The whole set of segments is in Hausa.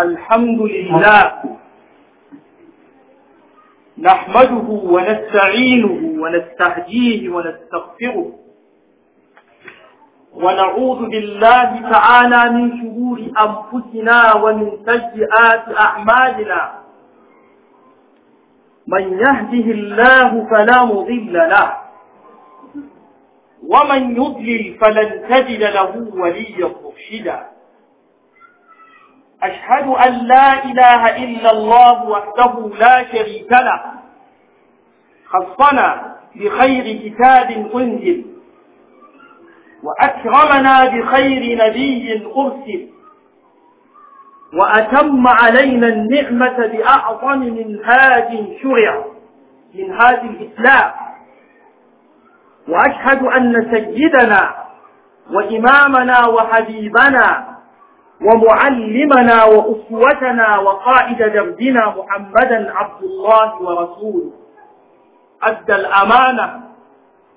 الحمد لله نحمده ونستعينه ونستهديه ونستغفره ونعوذ بالله تعالى من شرور أنفسنا ومن سيئات أعمالنا من يهده الله فلا مضل له ومن يضلل فلن تجد له وليا مرشدا أشهد أن لا إله إلا الله وحده لا شريك له خصنا بخير كتاب أنزل وأكرمنا بخير نبي أرسل وأتم علينا النعمة بأعظم منهاج شرع منهاج الإسلام وأشهد أن سيدنا وإمامنا وحبيبنا ومعلمنا وأسوتنا وقائد دربنا محمدا عبد الله ورسوله أدى الأمانة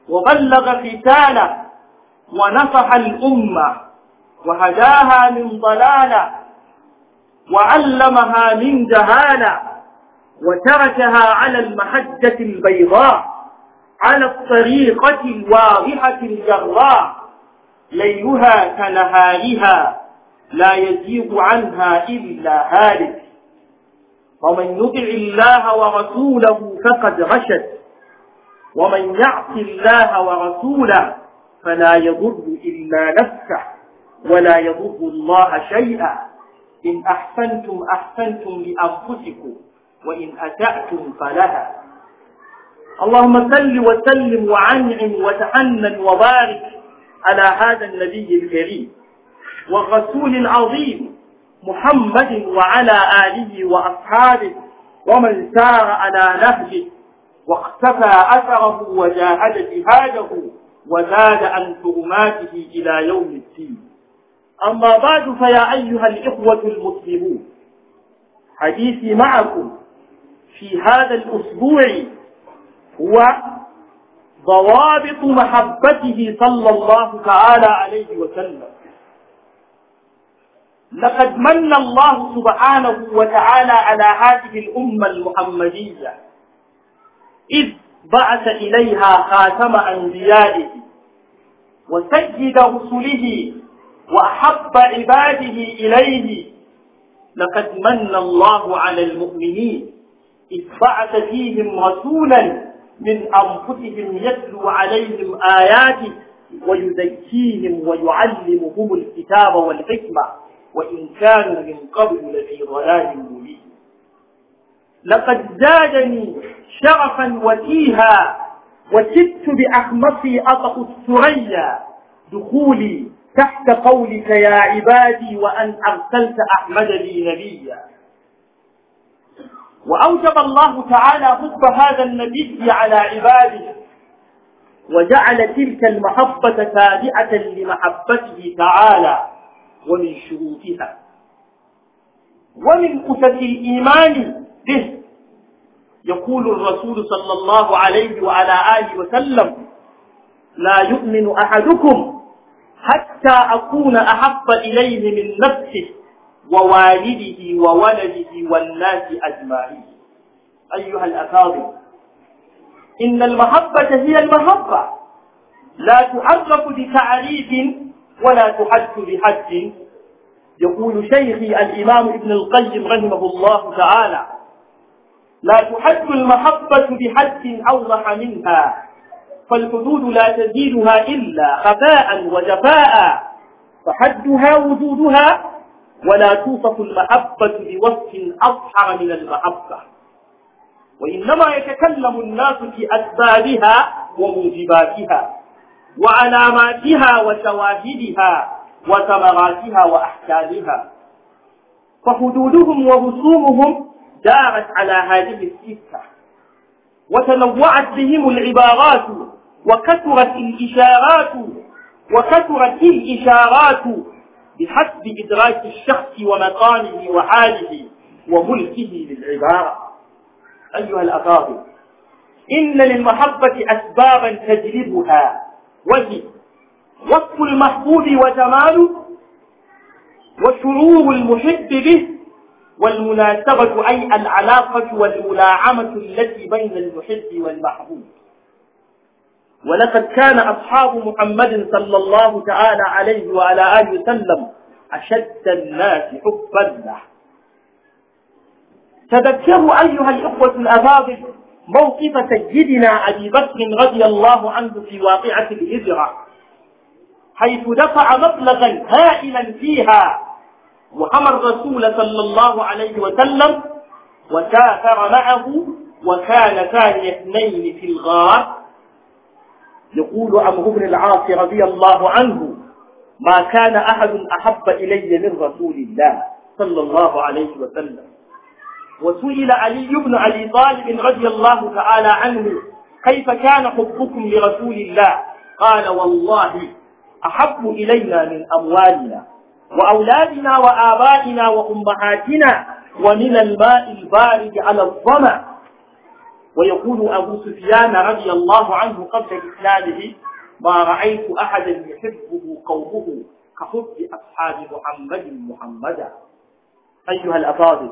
وبلغ قتاله ونصح الأمة وهداها من ضلالة وعلمها من جهالة وتركها على المحجة البيضاء على الطريقة الواضحة الجراء ليلها كنهارها لا يزيغ عنها إلا هالك ومن يطع الله ورسوله فقد رشد ومن يعص الله ورسوله فلا يضر إلا نفسه ولا يضر الله شيئا إن أحسنتم أحسنتم لأنفسكم وإن أسأتم فلها اللهم صل وسلم وعنعم وتحنن وبارك على هذا النبي الكريم والرسول العظيم محمد وعلى آله وأصحابه ومن سار على نهجه واقتفى أثره وجاهد جهاده وزاد عن حرماته إلى يوم الدين أما بعد فيا أيها الإخوة المسلمون حديثي معكم في هذا الأسبوع هو ضوابط محبته صلى الله تعالى عليه وسلم لقد من الله سبحانه وتعالى على هذه الأمة المحمدية إذ بعث إليها خاتم أنبيائه وسيد رسله وأحب عباده إليه لقد من الله على المؤمنين إذ بعث فيهم رسولا من أنفسهم يتلو عليهم آياته ويزكيهم ويعلمهم الكتاب والحكمة وإن كانوا من قبل لفي ضلال مبين لقد زادني شرفا وتيها وشدت بأخمصي أطأ الثريا دخولي تحت قولك يا عبادي وأن أرسلت أحمد لي نبيا وأوجب الله تعالى حب هذا النبي على عباده وجعل تلك المحبة تابعة لمحبته تعالى ومن شروطها ومن أسس الإيمان به يقول الرسول صلى الله عليه وعلى آله وسلم لا يؤمن أحدكم حتى أكون أحب إليه من نفسه ووالده وولده والناس أجمعين أيها الأفاضل إن المحبة هي المحبة لا تعرف بتعريف ولا تحج بحج يقول شيخي الإمام ابن القيم رحمه الله تعالى لا تحج المحبة بحج أوضح منها فالحدود لا تزيدها إلا خفاء وجفاء فحدها وجودها ولا توصف المحبة بوصف أظهر من المحبة وإنما يتكلم الناس في أسبابها وموجباتها وعلاماتها وشواهدها وثمراتها وأحكامها فحدودهم ورسومهم دارت على هذه السكة وتنوعت بهم العبارات وكثرت الإشارات وكثرت الإشارات بحسب إدراك الشخص ومقامه وحاله وملكه للعبارة أيها الأفاضل إن للمحبة أسبابا تجلبها وجه وصف المحبوب وجماله وشعور المحب به والمناسبة أي العلاقة والملاعمة التي بين المحب والمحبوب ولقد كان أصحاب محمد صلى الله تعالى عليه وعلى آله وسلم أشد الناس حبا له تذكروا أيها الإخوة الأفاضل موقف سيدنا أبي بكر رضي الله عنه في واقعة الهجرة حيث دفع مبلغا هائلا فيها وحمى الرسول صلى الله عليه وسلم وسافر معه وكان ثاني اثنين في الغار يقول عمرو بن العاص رضي الله عنه ما كان أحد أحب إلي من رسول الله صلى الله عليه وسلم وسئل علي بن علي طالب رضي الله تعالى عنه كيف كان حبكم لرسول الله قال والله أحب إلينا من أموالنا وأولادنا وآبائنا وأمهاتنا ومن الماء البارد على الظمأ ويقول أبو سفيان رضي الله عنه قبل إسلامه ما رأيت أحدا يحبه قومه كحب أصحاب محمد محمدا أيها الأفاضل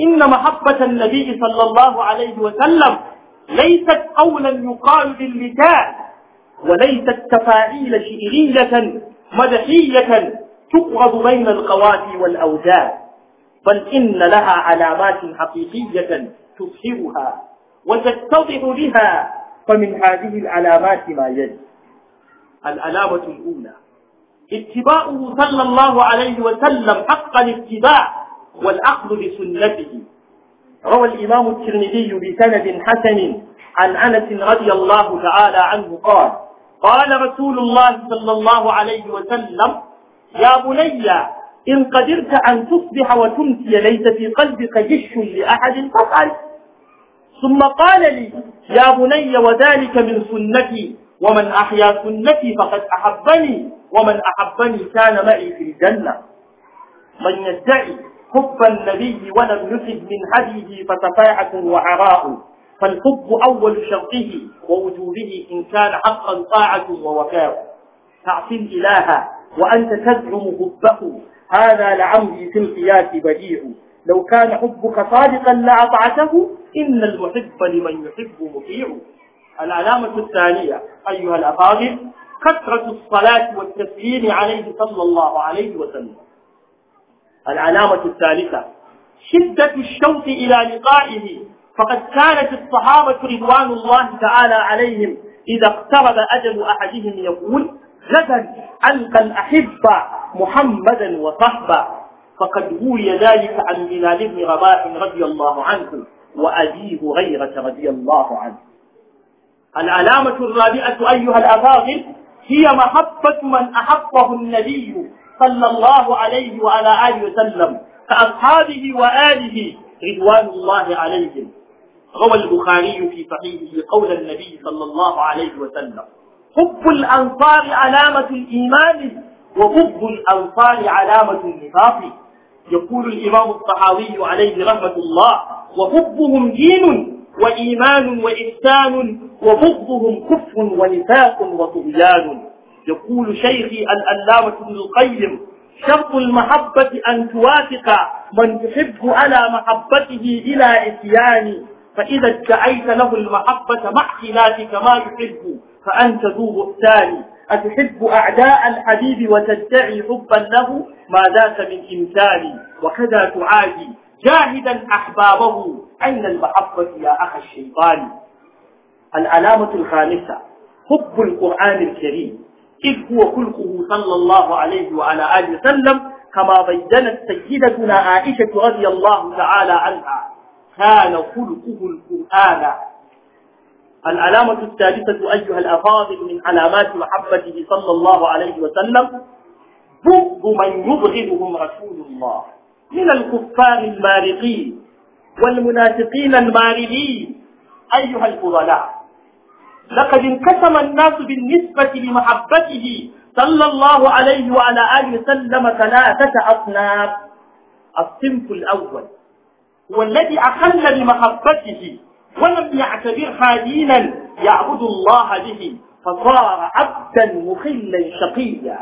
إن محبة النبي صلى الله عليه وسلم ليست قولا يقال باللسان وليست تفاعيل شئرية مدحية تقرب بين القوافي والأوزان بل إن لها علامات حقيقية تظهرها وتتضح بها فمن هذه العلامات ما يلي العلامة الأولى اتباعه صلى الله عليه وسلم حق الاتباع والأخذ بسنته روى الإمام الترمذي بسند حسن عن أنس رضي الله تعالى عنه قال قال رسول الله صلى الله عليه وسلم يا بني إن قدرت أن تصبح وتمسي ليس في قلبك جش لأحد فافعل ثم قال لي يا بني وذلك من سنتي ومن أحيا سنتي فقد أحبني ومن أحبني كان معي في الجنة من يدعي حب النبي ولم يسد من هديه فتفاعة وعراء فالحب أول شرطه ووجوده إن كان حقا طاعة ووفاء تعصي الإله وأنت تزعم حبه هذا لعمري في القياس بديع لو كان حبك صادقا لأطعته إن المحب لمن يحب مطيع العلامة الثانية أيها الأفاضل كثرة الصلاة والتسليم عليه صلى الله عليه وسلم العلامة الثالثة شدة الشوق إلى لقائه فقد كانت الصحابة رضوان الله تعالى عليهم إذا اقترب أجل أحدهم يقول غدا ألقى الأحبة محمدا وصحبا فقد روي ذلك عن بلال بن رباح رضي الله عنه وأبيه هريرة رضي الله عنه العلامة الرابعة أيها الأفاضل هي محبة من أحبه النبي صلى الله عليه وعلى آله وسلم كأصحابه وآله رضوان الله عليهم روى البخاري في صحيحه قول النبي صلى الله عليه وسلم حب الأنصار علامة الإيمان وبغض الأنصار علامة النفاق يقول الإمام الصحابي عليه رحمة الله وحبهم دين وإيمان وإحسان وبغضهم كفر ونفاق وطغيان يقول شيخي الألامة ابن القيم شرط المحبة أن توافق من تحب على محبته إلى إتيان فإذا ادعيت له المحبة مع خلافك ما يحب فأنت ذو بهتان أتحب أعداء الحبيب وتدعي حبا له ما ذاك من إمثال وكذا تعادي جاهدا أحبابه أين المحبة يا أخ الشيطان العلامة الخامسة حب القرآن الكريم إذ هو خلقه صلى الله عليه وعلى آله وسلم كما بينت سيدتنا عائشة رضي الله تعالى عنها كان خلقه القرآن العلامة الثالثة أيها الأفاضل من علامات محبته صلى الله عليه وسلم بغض من يبغضهم رسول الله من الكفار المارقين والمنافقين الماردين أيها الفضلاء لقد انقسم الناس بالنسبة لمحبته صلى الله عليه وعلى آله وسلم ثلاثة أصناف الصنف الأول هو الذي أخل بمحبته ولم يعتبرها دينا يعبد الله به فصار عبدا مخلا شقيا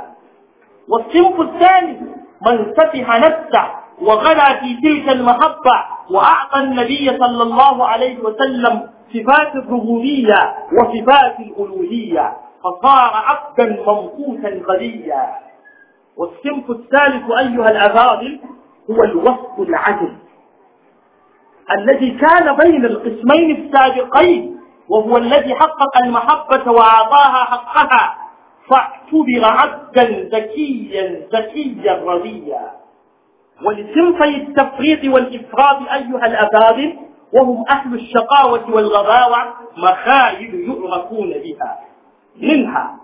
والصنف الثاني من فتح نفسه وغلا في تلك المحطة وأعطى النبي صلى الله عليه وسلم صفات الربوبية وصفات الألوهية فصار عبدا منقوصا غنيا والصنف الثالث أيها الأفاضل هو الوصف العدل الذي كان بين القسمين السابقين وهو الذي حقق المحبة وأعطاها حقها فاعتبر عبدا ذكيا ذكيا رضيا ولصنفي التفريط والإفراط أيها الأبابل وهم أهل الشقاوة والغباوة مخايل يعرفون بها منها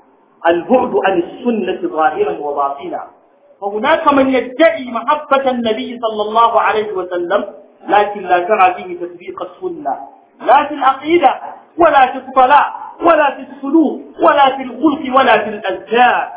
البعد عن السنة ظاهرا وباطنا فهناك من يدعي محبة النبي صلى الله عليه وسلم لكن لا ترى فيه تطبيق السنة لا في العقيدة ولا في الصلاة ولا في السلوك ولا في الخلق ولا في الأزجار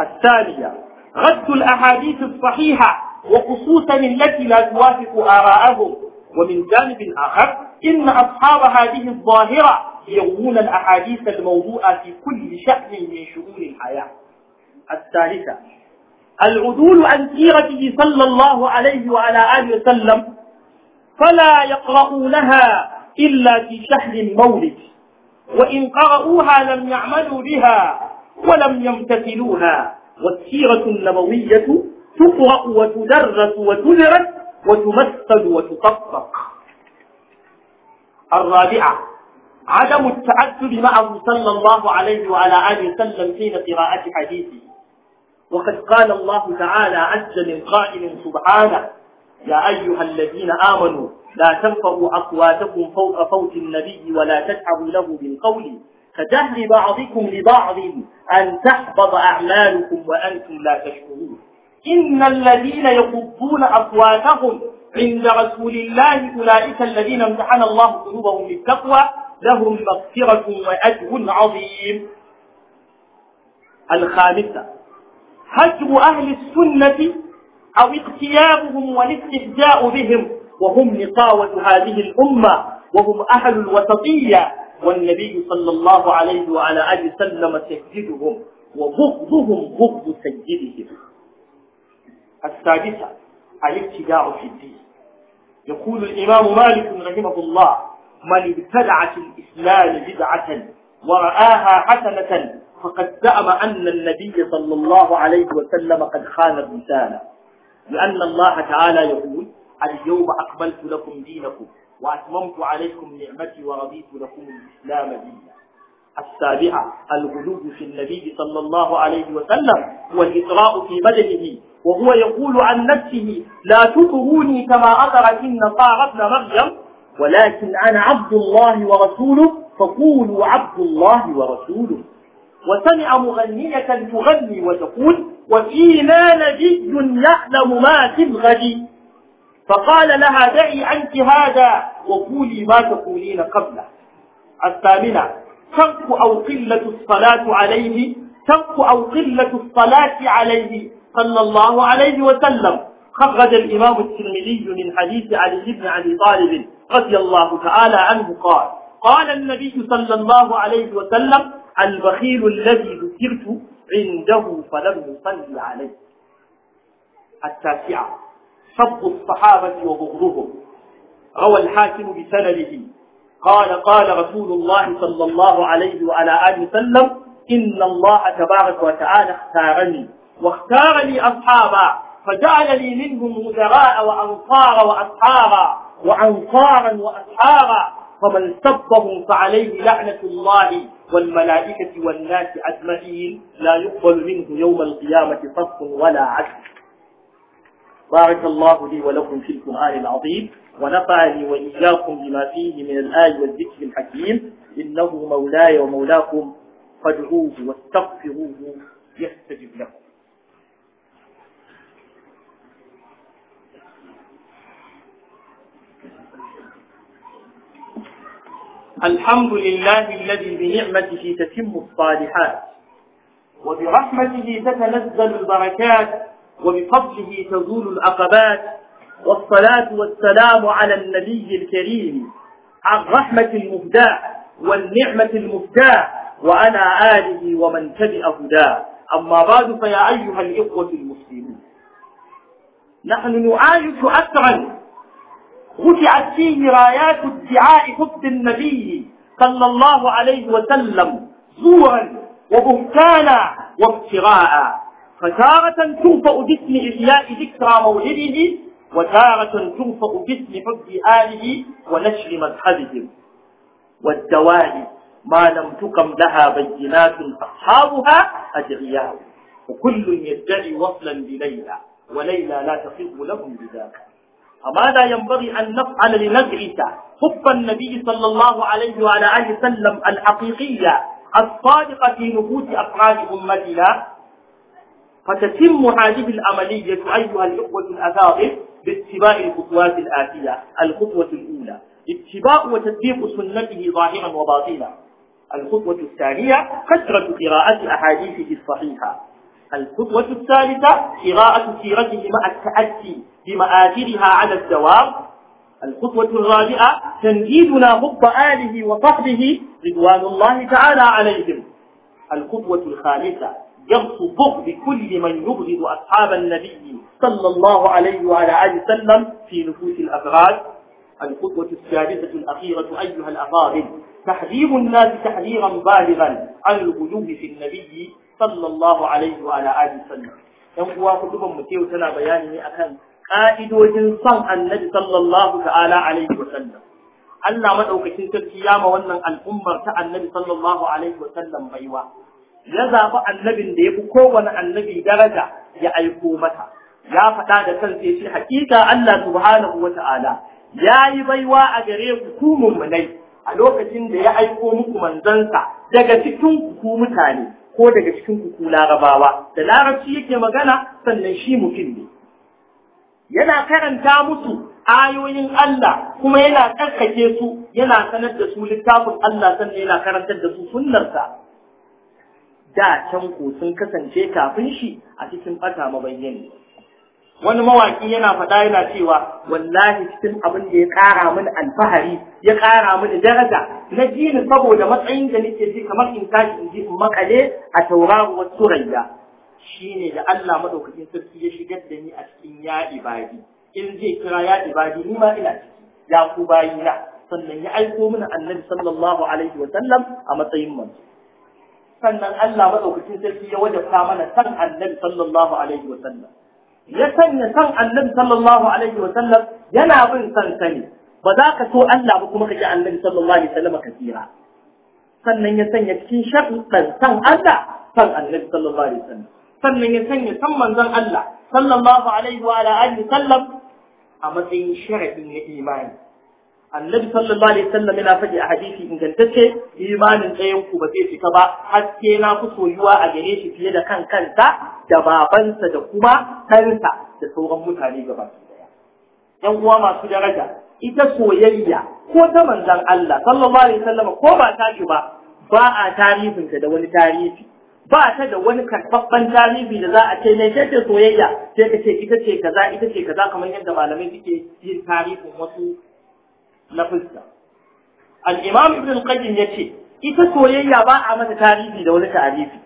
الثانية رد الأحاديث الصحيحة وخصوصا التي لا توافق آراءهم ومن جانب آخر إن أصحاب هذه الظاهرة يروون الأحاديث الموضوعة في كل شأن من شؤون الحياة الثالثة العدول عن سيرته صلى الله عليه وعلى آله وسلم فلا يقرؤونها إلا في شهر المولد وإن قرؤوها لم يعملوا بها ولم يمتثلوها والسيرة النبوية تقرأ وتدرس وتدرس وتمثل وتطبق الرابعة عدم التعدد معه صلى الله عليه وعلى آله وسلم حين قراءة حديثه وقد قال الله تعالى عز من قائل سبحانه يا أيها الذين آمنوا لا ترفعوا أصواتكم فوق صوت النبي ولا تجهروا له بالقول كجهل بعضكم لبعض أن تحبط أعمالكم وأنتم لا تشكرون إن الذين يقضون أصواتهم عند رسول الله أولئك الذين امتحن الله قلوبهم للتقوى لهم مغفرة وأجر عظيم الخامسة هجر أهل السنة أو اغتيابهم والاستهزاء بهم وهم نقاوة هذه الأمة وهم أهل الوسطية والنبي صلى الله عليه وعلى آله وسلم سجدهم وبغضهم بغض سيدهم السادسة الابتداع في الدين يقول الإمام مالك رحمه الله من ابتدع في الإسلام بدعة ورآها حسنة فقد زعم أن النبي صلى الله عليه وسلم قد خان الرسالة لأن الله تعالى يقول اليوم أقبلت لكم دينكم وأتممت عليكم نعمتي ورضيت لكم الإسلام دينا السابعة الغلو في النبي صلى الله عليه وسلم والإطراء في بدنه وهو يقول عن نفسه لا تطروني كما أطرت طار ابن مريم ولكن أنا عبد الله ورسوله فقولوا عبد الله ورسوله وسمع مغنية تغني وتقول وفينا نبي يعلم ما تبغي فقال لها دعي عنك هذا وقولي ما تقولين قبله الثامنة تنق أو قلة الصلاة عليه تنق أو قلة الصلاة عليه صلى الله عليه وسلم خرج الإمام الترمذي من حديث علي بن أبي طالب رضي الله تعالى عنه قال قال النبي صلى الله عليه وسلم البخيل الذي ذكرت عنده فلم يصلي عليه التاسعة سب الصحابة وبغضهم روى الحاكم بسنده قال قال رسول الله صلى الله عليه وعلى آله وسلم إن الله تبارك وتعالى اختارني واختار لي أصحابا فجعل لي منهم وزراء وأنصارا وأسحارا وأنصارا وأسحارا فمن سبهم فعليه لعنة الله والملائكة والناس أجمعين لا يقبل منه يوم القيامة صف ولا عدل بارك الله لي ولكم في القرآن العظيم ونفعني وإياكم بما فيه من الآي والذكر الحكيم إنه مولاي ومولاكم فادعوه واستغفروه يستجب لكم الحمد لله الذي بنعمته تتم الصالحات وبرحمته تتنزل البركات وبفضله تزول العقبات والصلاة والسلام على النبي الكريم عن رحمة المهداة والنعمة المفتاة وعلى آله ومن تبع هداه أما بعد فيا أيها الإخوة المسلمون نحن نعايش أسرا رجعت فيه رايات ادعاء حب النبي صلى الله عليه وسلم زورا وبهتانا وابتغاء فتارة تنفأ باسم إحياء ذكرى مولده وتارة تنفأ باسم حب آله ونشر مذهبهم والدوال ما لم تقم لها بينات أصحابها أدعياء وكل يدعي وصلا بليلى وليلى لا تصب لهم بذلك فماذا ينبغي أن نفعل لندعس حب النبي صلى الله عليه وعلى آله وسلم الحقيقية الصادقة في نفوس أفراد أمتنا فتتم هذه العملية أيها الإخوة الأفاضل باتباع الخطوات الآتية الخطوة الأولى اتباع وتطبيق سنته ظاهرا وباطنا الخطوة الثانية كثرة قراءة أحاديثه الصحيحة الخطوة الثالثة قراءة سيرته مع التأتي بمآثرها على الدوام الخطوة الرابعة تنجيدنا حب آله وصحبه رضوان الله تعالى عليهم الخطوة الخامسة ينطبق بكل من يبغض أصحاب النبي صلى الله عليه وعلى آله وسلم في نفوس الأفراد القدوة السادسة الأخيرة أيها الأفاضل تحذير الناس تحذيرا بالغا عن الغلو في النبي صلى الله عليه وعلى آله وسلم ɗan uwa kutuban mu yau tana bayani ne akan ka'idojin son annabi sallallahu ta'ala alaihi wa sallam Allah madaukakin sarki ya ma wannan al'ummar ta annabi sallallahu alaihi wa sallam baiwa ya zaɓi annabin da ya fi kowane annabi daraja ya aiko mata ya faɗa da kan ya shi haƙiƙa Allah subhanahu wa ta'ala ya yi baiwa a gare ku ku mummunai a lokacin da ya aiko muku manzansa daga cikin ku mutane ko daga cikin ku larabawa da larabci yake magana sannan shi mutum ne yana karanta musu ayoyin Allah kuma yana tsarkake su yana sanar da su littafin Allah sannan yana karantar da su sunnarsa da can ko sun kasance kafin shi a cikin ɓata mabayyani wani mawaƙi yana faɗa yana cewa wallahi cikin abin da ya ƙara mini alfahari ya ƙara mini daraja na ji saboda matsayin da nake ji kamar in tashi in ji in makale a tauraruwar Shi shine da Allah madaukakin sarki ya shigar da ni a cikin ya ibadi in zai kira ya ibadi ni ma ina ciki ya ku bayina sannan ya aiko mini annabi sallallahu alaihi wa sallam a matsayin manzo sannan Allah madaukakin sarki ya wajabta mana san annabi sallallahu alaihi wa sallam ya sanya san annabi sallallahu alaihi wa sallam yana bin san sani ba za ka so Allah ba kuma ka ji annabi sallallahu alaihi wa sallam ka tsira sannan ya sanya cikin sharuɗan san Allah san annabi sallallahu alaihi wa sallam sannan ya sanya san manzon Allah sallallahu alaihi wa alihi sallam a matsayin sharadin na imani annabi sallallahu alaihi wasallam yana faɗi a hadisi ingantacce imanin ɗayan ku ba zai fita ba haske na ku soyuwa a gare shi fiye da kan kanta da babansa da kuma kansa da sauran mutane gaba ɗaya ƴan uwa masu daraja ita soyayya ko ta manzon Allah sallallahu alaihi wasallam ko ba ta ba ba a ta da wani tarihi ba ta da wani karɓaɓɓen tarihi da za a ce ne ce soyayya sai ka ce ita ce kaza ita ce kaza kamar yadda malamai suke yin tarihin wasu na fuska alimam ibn Qayyim ya yace ita soyayya ba a mata tarihi da wani tarihi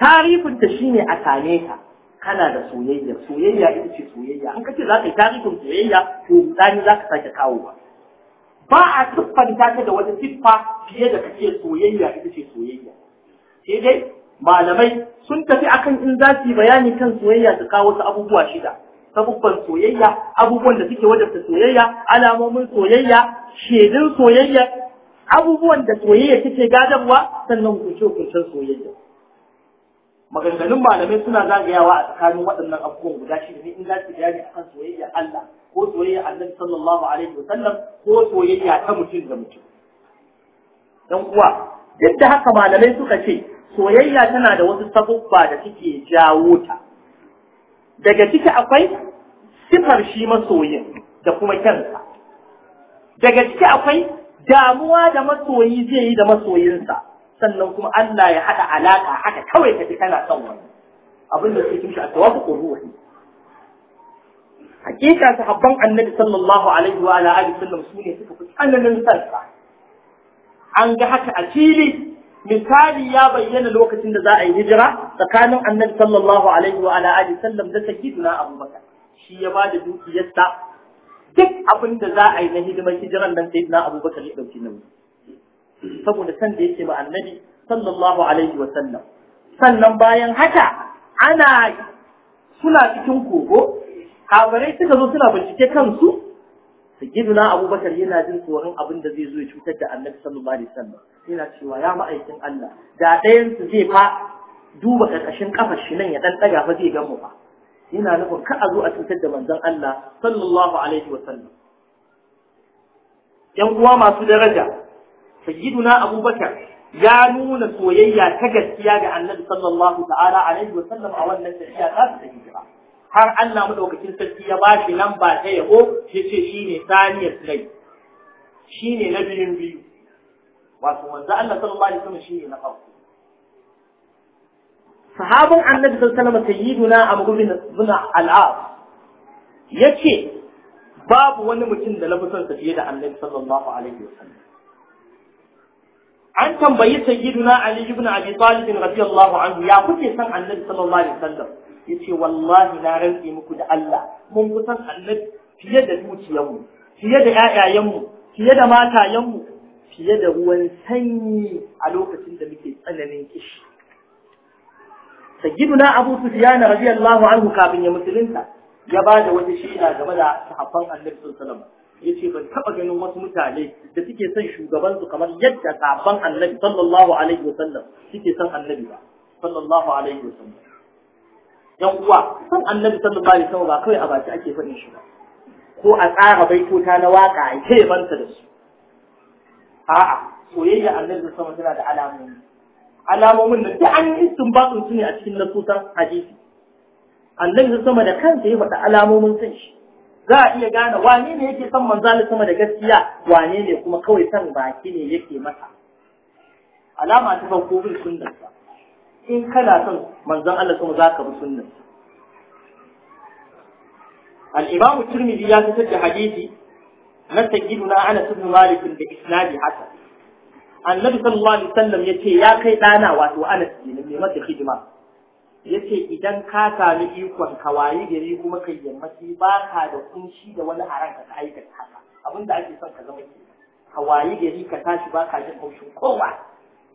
tarihin ta ne a same ta kana da soyayya soyayya ita ce soyayya an kace za ka yi tarihin soyayya to dani za ka sake kawo ba ba a siffanta ta da wata siffa fiye da kake soyayya ita ce soyayya sai dai malamai sun tafi akan in za su yi bayani kan soyayya su kawo su abubuwa shida sabubban soyayya abubuwan da suke wajabta soyayya alamomin soyayya shedin soyayya abubuwan da soyayya take gadarwa sannan hukunce-hukuncen soyayya maganganun malamai suna zagayawa a tsakanin waɗannan abubuwan guda shi ne in za su gane akan soyayya Allah ko soyayya Annabi sallallahu alaihi wasallam ko soyayya ta mutum da mutum dan uwa duk da haka malamai suka ce soyayya tana da wasu sabubba da suke jawo ta daga ciki akwai sifar shi masoyin da kuma kansa daga ciki akwai damuwa da masoyi zai yi da masoyinsa sannan kuma Allah ya haɗa alaƙa haka kawai ka ji kana son wani abin da suke kimshi a ko ruhi hakika sahabban annabi sallallahu alaihi wa ala alihi sallam sune suka fi tsananin sansa an ga haka a fili misali ya bayyana lokacin da za a yi hijira tsakanin annabi sallallahu alaihi wa ala alihi sallam da sayyiduna shi ya ba da dukiyarsa duk abin da za a yi na hidimar hijiran nan sayyiduna abubakar ya dauki nauyi saboda san da yake ma annabi sallallahu alaihi wa sallam sannan bayan haka ana suna cikin kogo habarai suka zo suna bincike kansu sayyiduna abubakar yana jin tsoron abin da zai zo ya cutar da annabi sallallahu alaihi wasallam yana cewa ya ma'aikin Allah da ɗayan su zai fa duba karkashin kafar shi nan ya dan daga fa zai gamu fa yana nufin ka a zo a cutar da manzon Allah sallallahu alaihi wasallam yan uwa masu daraja sayyiduna abubakar ya nuna soyayya ta gaskiya ga annabi sallallahu ta'ala alaihi wasallam a wannan tafiya ta ta hijira har Allah madaukakin sarki ya ba shi ba ta yabo ya ce shi ne saniyar sulai shi ne na biyun biyu wato manzo Allah sallallahu alaihi wasallam shi ne na farko sahabin annabi sallallahu alaihi wasallam sayyiduna amr bin al-as yace babu wani mutum da na son sa fiye da annabi sallallahu alaihi wasallam an tambayi sayyiduna ali ibn abi talib radiyallahu anhu ya kuke san annabi sallallahu alaihi wasallam yace wallahi na rantse muku da Allah mun kusan annabi fiye da dukiyarmu fiye da ƴaƴayenmu fiye da matayenmu fiye da ruwan sanyi a lokacin da muke tsananin kishi sayyiduna abu sufyan radiyallahu anhu kafin ya musulunta ya ba da wata shaida game da sahabban annabi sallallahu yace ban taɓa ganin wasu mutane da suke son shugaban su kamar yadda sahabban annabi sallallahu alaihi wasallam suke son annabi ba sallallahu alaihi wasallam yan uwa san annabi sallallahu alaihi wasallam ba kawai a baki ake faɗin shi ba ko a tsara baitota na waka a ce banta da su a'a soyayya annabi sallallahu alaihi wasallam tana da alamomi alamomin da duk an yi istinbatsin su ne a cikin nasusan hadisi annabi sama da kansa ya faɗa alamomin san shi za a iya gane wane ne yake son manzali sama da gaskiya wane ne kuma kawai son baki ne yake masa alama ta farko bin sunnarsa in kana son manzon Allah kuma ka bi sunna al turmidi tirmidhi ya fitar da hadisi na sayyiduna Anas ibn Malik da isnadi hasan annabi sallallahu alaihi wasallam yace ya kai ɗana wato Anas ne mai mata hidima yace idan ka sami ikon waye gari kuma kai yammaci baka da kunshi da wani haran ka aikata haka abinda ake son ka zama ke waye gari ka tashi baka ka jin haushin kowa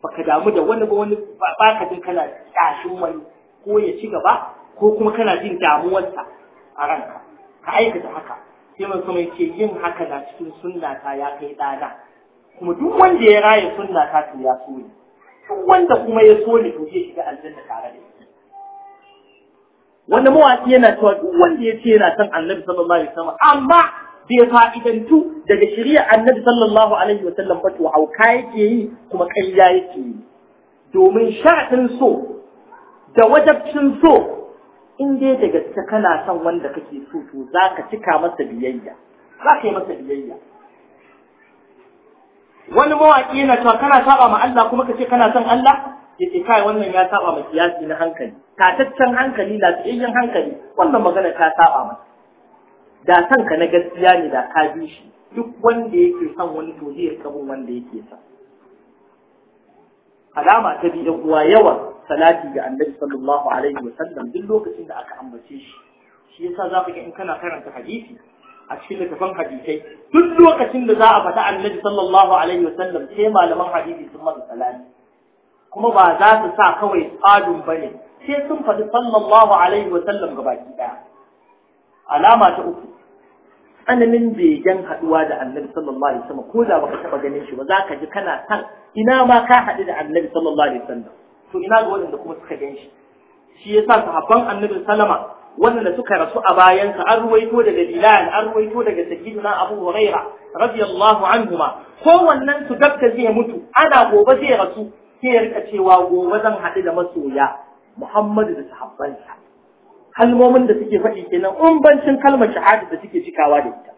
baka damu da wani ba wani ba ka jin kana tashin wani ko ya ci gaba ko kuma kana jin damuwarsa a ranka ka aikata haka sai mun kuma yace yin haka na cikin sunna ta ya kai dana kuma duk wanda ya raye sunna ta to ya so ne duk wanda kuma ya so ne to zai shiga aljanna tare da shi wanda mawaki yana cewa duk wanda ya ce yana son annabi sallallahu alaihi wasallam amma bai fa'idantu daga shari'a annabi sallallahu alaihi wasallam ba to hauka yake yi kuma ƙarya yake yi domin sha'atin so da wajabcin so in dai da gaske kana son wanda kake so to ka cika masa biyayya za ka yi masa biyayya wani mawaƙi yana cewa kana saba ma Allah kuma ka ce kana son Allah ya ce kai wannan ya saba ma kiyasi na hankali tataccen hankali lafiyayyen hankali wannan magana ta saba masa da sanka ka na gaskiya ne da ka bi shi duk wanda yake son wani to zai rika bin wanda yake sa alama ta bi da uwa yawa salati ga annabi sallallahu alaihi wasallam duk lokacin da aka ambace shi shi yasa za ka ga in kana karanta hadisi a cikin littafin hadisai duk lokacin da za a fata annabi sallallahu alaihi wasallam sai malaman hadisi sun masa salati kuma ba za su sa kawai tsadun ne sai sun faɗi sallallahu alaihi wasallam baki ɗaya alama ta uku tsananin begen haɗuwa da annabi sallallahu alaihi wasallam ko da baka taɓa ganin shi ba za ka ji kana san ina ma ka haɗu da annabi sallallahu alaihi wasallam to ina ga wanda kuma suka gan shi shi yasa sahabban annabi sallama waɗanda suka rasu a bayansa an ruwaito daga Bilal an ruwaito daga Sayyidina Abu Huraira radiyallahu anhuma Kowannan su gabta zai mutu ana gobe zai rasu sai ya rika cewa gobe zan haɗu da masoya Muhammadu da sahabbansa kalmomin da suke faɗi kenan umbancin kalmar shahada da suke cikawa da ita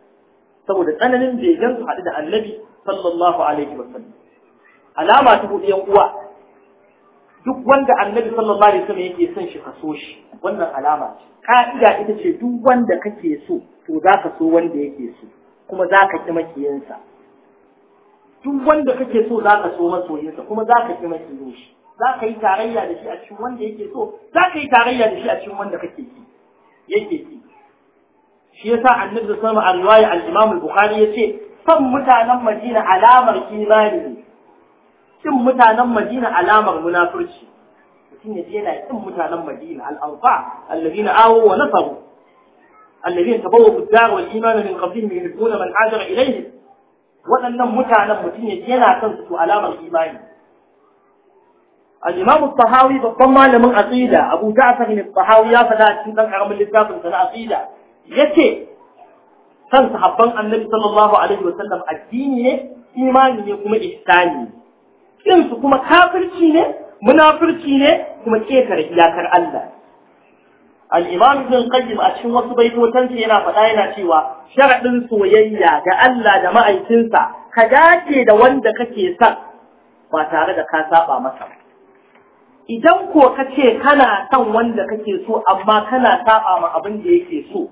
saboda tsananin begen su haɗu da annabi sallallahu alaihi wa sallam alama ta hudu yan uwa duk wanda annabi sallallahu alaihi wasallam yake son shi kaso shi wannan alama ce ka'ida ita ce duk wanda kake so to zaka so wanda yake so kuma zaka ki makiyinsa duk wanda kake so zaka so masoyinsa kuma zaka ki makiyin shi za ka yi tarayya da shi a cikin wanda yake so za ka yi tarayya da shi a cikin wanda kake ki yake ki shi yasa annabi da sama a riwaya al-imam al-bukhari yace son mutanen madina alamar imani ne kin mutanen madina alamar munafurci mutum ya je yana kin mutanen madina al-anfa alladhina awu wa nasaru alladhina tabawwa'u ad-dar wal iman min qablihim yuhibbuna man hajara ilayhim waɗannan mutanen mutum ya je yana son su alamar imani الإمام الطهاوي بالطمع لمن عقيدة أبو ya الطهاوي a فلا تنتهي عرم الإسلام من عقيدة يكي san sahabban annabi sallallahu alaihi wasallam addini ne imani ne kuma ihsani kin su kuma kafirci ne munafirci ne kuma ketare iyakar Allah al-imam ibn a cikin wasu baitotan sa yana faɗa yana cewa sharadin soyayya da Allah da ma'aikinsa ka dace da wanda kake son ba tare da ka saba masa idan ko ka ce kana son wanda kake so amma kana saba ma abin da yake so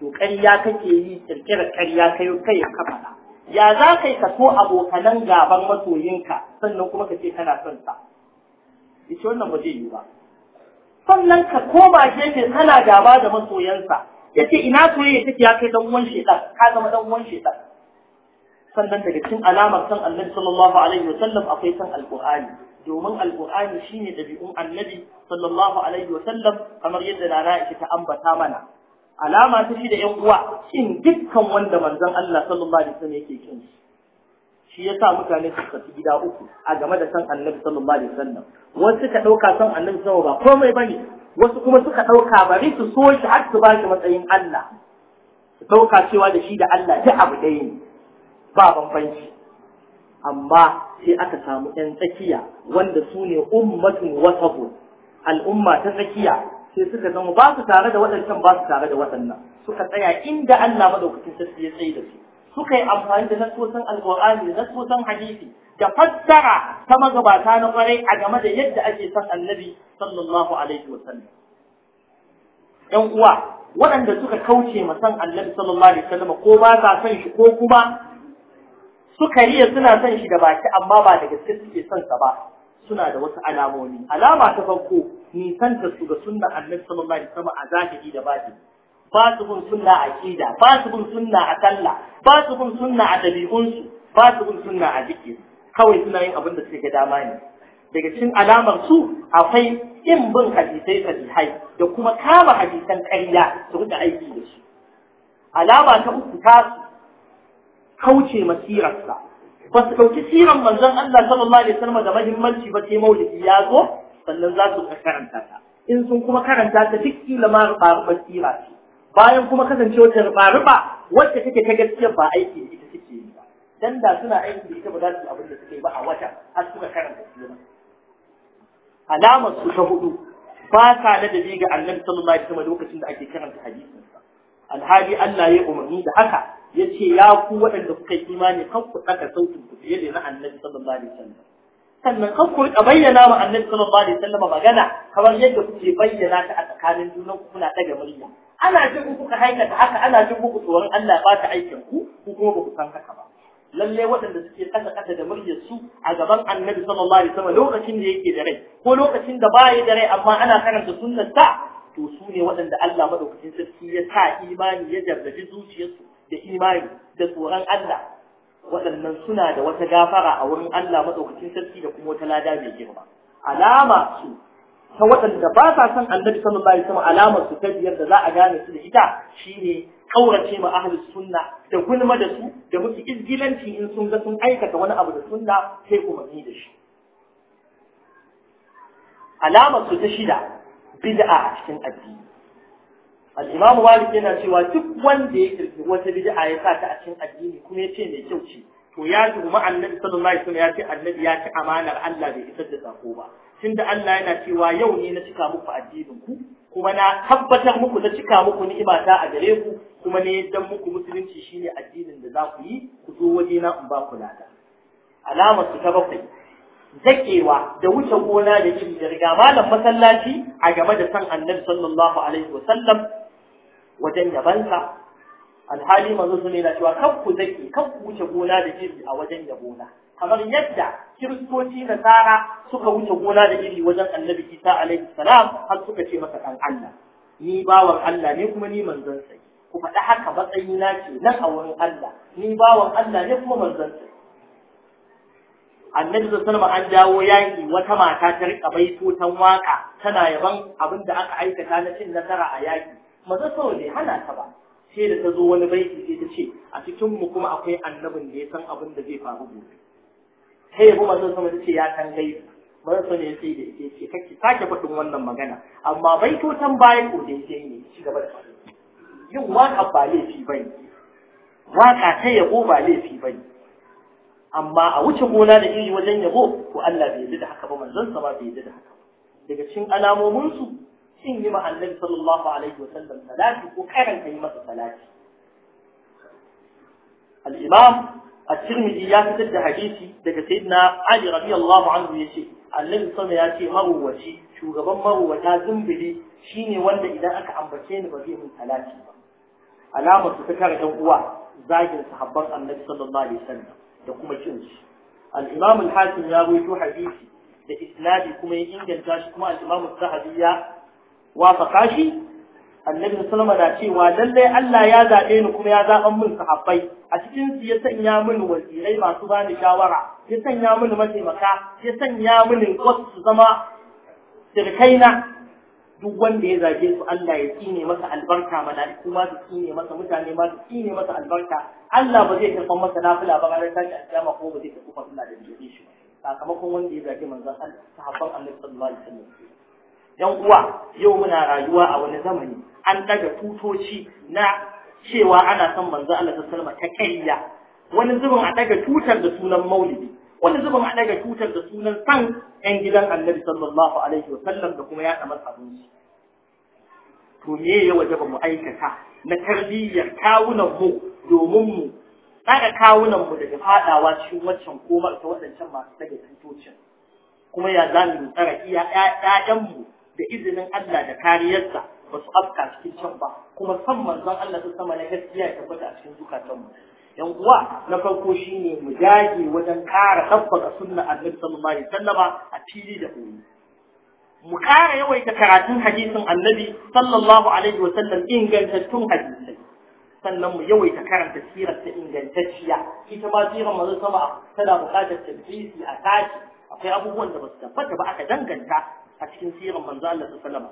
to ƙarya kake yi kirkirar ƙarya kai kai ka faɗa ya za kai ka so abokanan gaban masoyinka sannan kuma ka ce kana son sa ita wannan ba zai yi ba sannan ka koma gefe kana gaba da masoyansa ya ce ina soyayya take ya kai dan uwan shedan ka zama dan uwan shedan sannan daga cikin alamar san annabi sallallahu alaihi sallam akwai san alƙur'ani domin alƙur'ani shine dabi'un annabi sallallahu alaihi wa sallam kamar yadda nana ta ambata mana alama ta shi da ƴan uwa shin dukkan wanda manzon Allah sallallahu alaihi wa sallam yake kin shi yasa mutane su tafi gida uku a game da san annabi sallallahu alaihi wa sallam wasu ka dauka san annabi sallallahu ba komai bane wasu kuma suka dauka bari su so shi har su ba shi matsayin Allah su dauka cewa da shi da Allah duk abu ɗaya ne ba bambanci amma sai aka samu ɗan tsakiya wanda su ne ummatun wasafu al'umma ta tsakiya sai suka zama ba su tare da waɗancan ba su tare da waɗannan suka tsaya inda Allah madaukakin sarki ya tsaye da su suka yi amfani da nasosan alƙur'ani da nasosan hadisi da fassara ta magabata na kwarai a game da yadda ake son annabi sallallahu alaihi wa sallam ɗan uwa waɗanda suka kauce ma san annabi sallallahu alaihi wa sallam ko ba sa son shi ko kuma suka riya suna son shi da baki amma ba da gaske suke son sa ba suna da wasu alamomi alama ta farko san ta su ga sunna annabi sallallahu alaihi wasallam a zahiri da baki ba su bin sunna a kida ba su bin sunna a sallah ba su bin sunna a dabi'unsu ba su bin sunna a jiki kawai suna yin abin da suke ga dama ne daga cikin alamar su akwai in bin hadisai sahihai da kuma kama hadisan ƙarya su rika aiki da su alama ta uku ta kauce masirarsa ba su ɗauki siran manzon Allah sallallahu alaihi wasallam da mahimmanci ba sai maulidi ya zo sannan za su karanta ta in sun kuma karanta ta duk kila ma ruba sira ce bayan kuma kasance wata ruba ruba wacce take ta gaskiya ba aiki ita take yi ba dan da suna aiki ita ba za su abin da suke ba a wata har suka karanta sira alamar su ta hudu ba sa ladabi ga annabi sallallahu alaihi wasallam lokacin da ake karanta hadisin sa alhali Allah ya umarni da haka ya ce ya ku waɗanda kuka yi imani kan ku ɗaga sautin ku fiye da na annabi sallallahu alaihi wasallam sannan kan ku riƙa bayyana wa annabi sallallahu alaihi wasallam magana kamar yadda kuke bayyana ta a tsakanin junan ku kuna ɗaga murya ana jin ku kuka haikata haka ana jin ku tsoron Allah ya bata aikin ku ku kuma ba ku san haka ba lalle waɗanda suke kasa kasa da muryar su a gaban annabi sallallahu alaihi wasallam lokacin da yake da rai ko lokacin da ba ya da rai amma ana karanta sunnar ta to su ne waɗanda Allah madaukakin sarki ya sa imani ya jarrabi zuciyarsu da imani da tsoron Allah waɗannan suna da wata gafara a wurin Allah maɗaukacin sarki da kuma wata lada mai girma alama su ta waɗanda ba sa son annabi sallallahu alaihi wasallam alamar su ta biyar da za a gane su da ita shine kaurace ma ahlus sunna da gulma da su da musu izgilanci in sun ga sun aikata wani abu da sunna sai umarni da shi alamar su ta shida bid'a cikin addini al-imam malik yana cewa duk wanda ya kirkiri wata bid'a ya sa ta a cikin addini kuma ya ce mai kyau ce to ya tuhumi annabi sallallahu alaihi wasallam ya ce annabi ya amanar Allah da isar da sako ba tunda Allah yana cewa yau ne na cika muku addinin ku kuma na tabbatar muku na cika muku ni'ima ta a gare ku kuma ne dan muku musulunci shine addinin da za ku yi ku zo waje na in ba ku lada alamar su ta bakwai zakewa da wuce gona da iri da riga malam masallaci a game da san annabi sallallahu alaihi wasallam wajen yabansa alhali manzo sun na cewa kan ku zaki kan ku wuce gona da iri a wajen yabona kamar yadda kiristoci na tsara suka wuce gona da iri wajen annabi isa alaihi salam har suka ce masa kan allah ni bawan allah ne kuma ni manzon sai ku faɗi haka matsayina ce nan a wurin allah ni bawan allah ne kuma manzon sai annabi sallallahu alaihi an dawo yaki wata mata ta rika baitotan waka tana yaban abin da aka aikata na cin nasara a yaki maza sau ne hana ta ba sai da ta zo wani baiki sai ta ce a cikin mu kuma akwai annabin da ya san abin da zai faru gobe sai ya kuma zo sama ce ya kan gai maza sau ne ya sai da ya ce kake sake faɗin wannan magana amma baitotan bayan ko da ya ne ci gaba da faɗi yin waƙa ba laifi ba ne waka ta yabo ba laifi ba ne amma a wuce gona da iri wajen yabo ko Allah bai yi da haka ba manzon sa ba bai yi da haka daga cikin su. in yi ma annabi sallallahu alaihi wasallam salati ko karanta yi masa salati al-imam at-tirmidhi ya fitar da hadisi daga sayyidina ali radiyallahu anhu yace annabi sallallahu ya ce maruwaci shugaban maruwata zumbili shine wanda idan aka ambace ni ba zai mun salati ba alamar su ta kare dan uwa zagin sahabban annabi sallallahu alaihi wasallam da kuma kin shi al-imam al-hakim ya rawaito hadisi da isnadi kuma ya inganta shi kuma al-imam az ya wafaka shi annabi sallama na cewa lallai Allah ya zaɓe ni kuma ya zaɓan min sahabbai a cikin su ya sanya mini wazirai masu bani shawara ya sanya mini mataimaka ya sanya mini wasu su zama sirkaina duk wanda ya zage su Allah ya tsine masa albarka mala'iku ma su tsine masa mutane ma su tsine masa albarka Allah ba zai karɓar masa nafila ba ranar tashi alkiyama ko ba zai karɓi fadila da jere shi ba sakamakon wanda ya zage manzon Allah sahabban Annabi sallallahu alaihi wasallam yan uwa yau muna rayuwa a wani zamani an ɗaga tutoci na cewa ana son manzo Allah sallallahu ta kariya wani zubin a daga tutar da sunan maulidi wani zubin a daga tutar da sunan san yan gidan Annabi sallallahu alaihi wasallam da kuma ya masa abinci. to me ya wajaba mu aikata na tarbiyyar kawunan mu domin mu tsara kawunan mu daga fadawa cikin waccan komar ta waɗancan masu tage tutocin kuma ya zamu tsara iya ƴaƴan mu da izinin Allah da kariyarsa ba su afka cikin can ba kuma san manzon Allah ta sama na gaskiya ya tabbata a cikin zukatanmu yan uwa na farko shine mu dage wajen kara tabbaka sunna annabi sallallahu alaihi wasallama a fili da koyi mu kara yawaita karatun hadisin annabi sallallahu alaihi wasallam ingantattun hadisai sannan mu yawaita karanta sirar ta ingantacciya ita ma sirar manzon sama tana buƙatar tafsiri a tashi akwai abubuwan da ba su tabbata ba aka danganta a cikin sirar manzo Allah sallama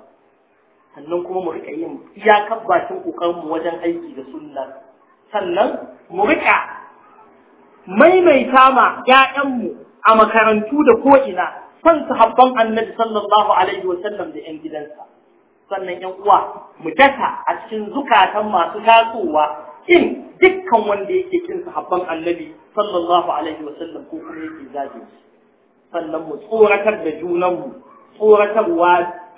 sannan kuma mu rika yin iyakar bakin kokarin mu wajen aiki da sunna sannan mu rika maimaita ma mu a makarantu da ko'ina son sahabban annabi sallallahu alaihi wa sallam da ƴan gidansa sannan ƴan uwa mu daka a cikin zukatan masu tasowa in dukkan wanda yake kin sahabban annabi sallallahu alaihi wa sallam ko kuma yake zabi sannan mu tsoratar da mu. tsoratarwa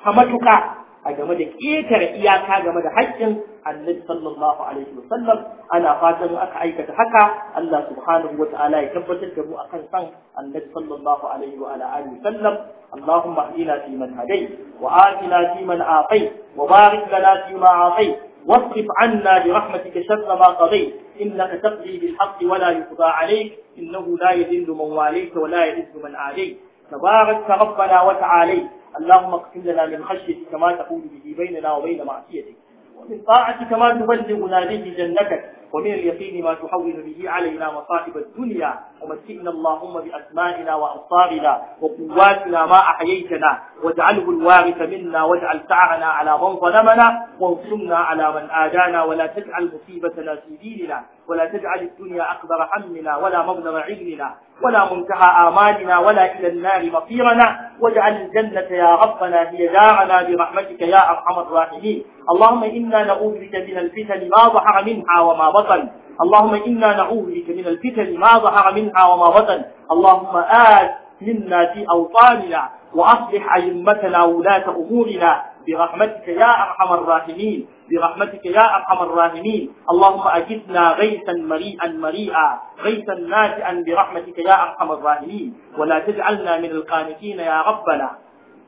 ta matuka a game da ƙetare iyaka game da haƙƙin annabi sallallahu alaihi wasallam ana fatan aka aikata haka Allah subhanahu wa ta'ala ya tabbatar da mu akan san annabi sallallahu alaihi wa alihi wasallam Allahumma ahdina fi man hadai wa atina fi man afai wa barik lana fi ma afai واصرف عنا برحمتك شر ما قضيت إنك تقضي بالحق ولا يقضى عليك إنه لا يذل من واليت ولا يعز من عليك تبارك ربنا وتعالي اللهم اقسم لنا من خشيتك ما تقول به بيننا وبين معصيتك ومن طاعتك ما تبلغنا به جنتك ومن اليقين ما تحول به علينا مصائب الدنيا ومسئنا اللهم بأسمائنا وأبصارنا وقواتنا ما أحييتنا واجعله الوارث منا واجعل سعرنا على من ظلمنا وانصرنا على من آدانا ولا تجعل مصيبتنا في ديننا ولا تجعل الدنيا أكبر حملنا ولا مبلغ علمنا ولا منتهى آمالنا ولا إلى النار مصيرنا واجعل الجنة يا ربنا هي دارنا برحمتك يا أرحم الراحمين اللهم إنا نعوذ بك من الفتن ما ظهر منها وما بطن اللهم إنا نعوذ بك من الفتن ما ظهر منها وما بطن اللهم آت منا في أوطاننا وأصلح أئمتنا ولاة أمورنا برحمتك يا أرحم الراحمين برحمتك يا أرحم الراحمين اللهم أجدنا غيثا مريئا مريئا غيثا ناجئا برحمتك يا أرحم الراحمين ولا تجعلنا من القانتين يا ربنا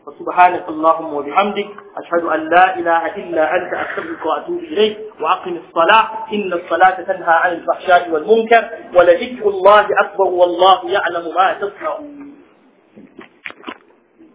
وسبحانك اللهم وبحمدك أشهد أن لا إله إلا أنت أستغفرك وأتوب إليك وأقم الصلاة إن الصلاة تنهى عن الفحشاء والمنكر ولذكر الله أكبر والله يعلم ما تصنعون